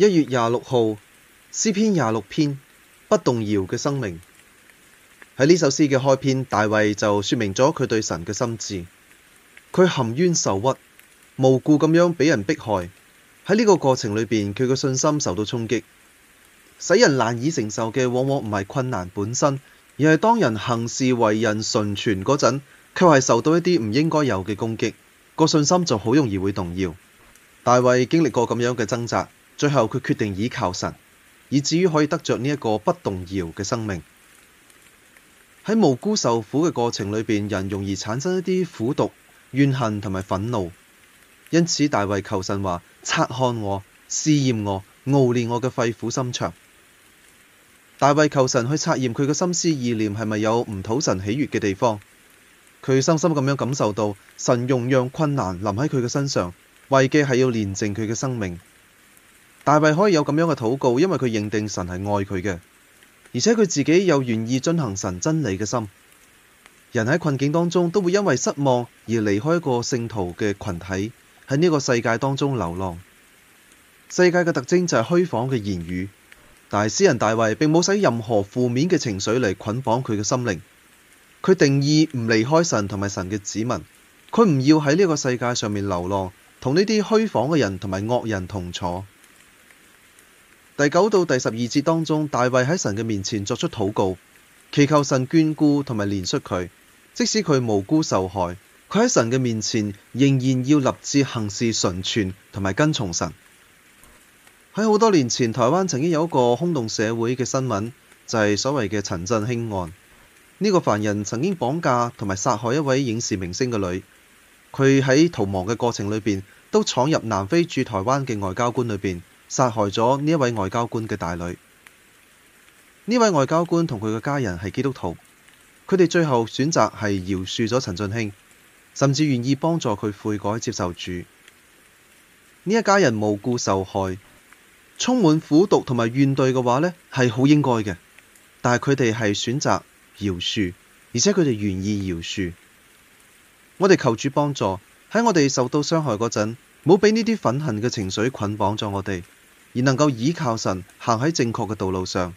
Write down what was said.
一月廿六號，詩篇廿六篇，不動搖嘅生命。喺呢首詩嘅開篇，大衛就說明咗佢對神嘅心志。佢含冤受屈，無故咁樣俾人迫害，喺呢個過程裏邊，佢嘅信心受到衝擊，使人難以承受嘅往往唔係困難本身，而係當人行事為人純全嗰陣，卻係受到一啲唔應該有嘅攻擊，個信心就好容易會動搖。大衛經歷過咁樣嘅掙扎。最後佢決定倚靠神，以至於可以得着呢一個不動搖嘅生命。喺無辜受苦嘅過程裏邊，人容易產生一啲苦毒、怨恨同埋憤怒，因此大衛求神話察看我、試驗我、熬煉我嘅肺腑心腸。大衛求神去察驗佢嘅心思意念，係咪有唔討神喜悦嘅地方？佢深深咁樣感受到神容讓困難臨喺佢嘅身上，為嘅係要煉淨佢嘅生命。大衛可以有咁樣嘅禱告，因為佢認定神係愛佢嘅，而且佢自己有願意遵行神真理嘅心。人喺困境當中都會因為失望而離開一個聖徒嘅群體，喺呢個世界當中流浪。世界嘅特徵就係虛謊嘅言語，但係詩人大衛並冇使任何負面嘅情緒嚟捆綁佢嘅心靈。佢定意唔離開神同埋神嘅子民，佢唔要喺呢個世界上面流浪，同呢啲虛謊嘅人同埋惡人同坐。第九到第十二節當中，大衛喺神嘅面前作出禱告，祈求神眷顧同埋憐恤佢，即使佢無辜受害，佢喺神嘅面前仍然要立志行事純全，同埋跟從神。喺好多年前，台灣曾經有一個轟動社會嘅新聞，就係所謂嘅陳振興案。呢個凡人曾經綁架同埋殺害一位影視明星嘅女，佢喺逃亡嘅過程裏邊都闖入南非駐台灣嘅外交官裏邊。殺害咗呢一位外交官嘅大女，呢位外交官同佢嘅家人係基督徒，佢哋最後選擇係饒恕咗陳進興，甚至願意幫助佢悔改接受主。呢一家人無故受害，充滿苦毒同埋怨懟嘅話呢係好應該嘅。但係佢哋係選擇饒恕，而且佢哋願意饒恕。我哋求主幫助，喺我哋受到傷害嗰陣，冇俾呢啲憤恨嘅情緒捆綁咗我哋。而能夠倚靠神，行喺正確嘅道路上。